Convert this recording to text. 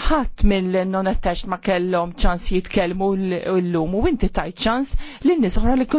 ħadd mill-non attached ma kellhom ċans jitkellmu llum u inti tajt ċans lin nies oħra li kunu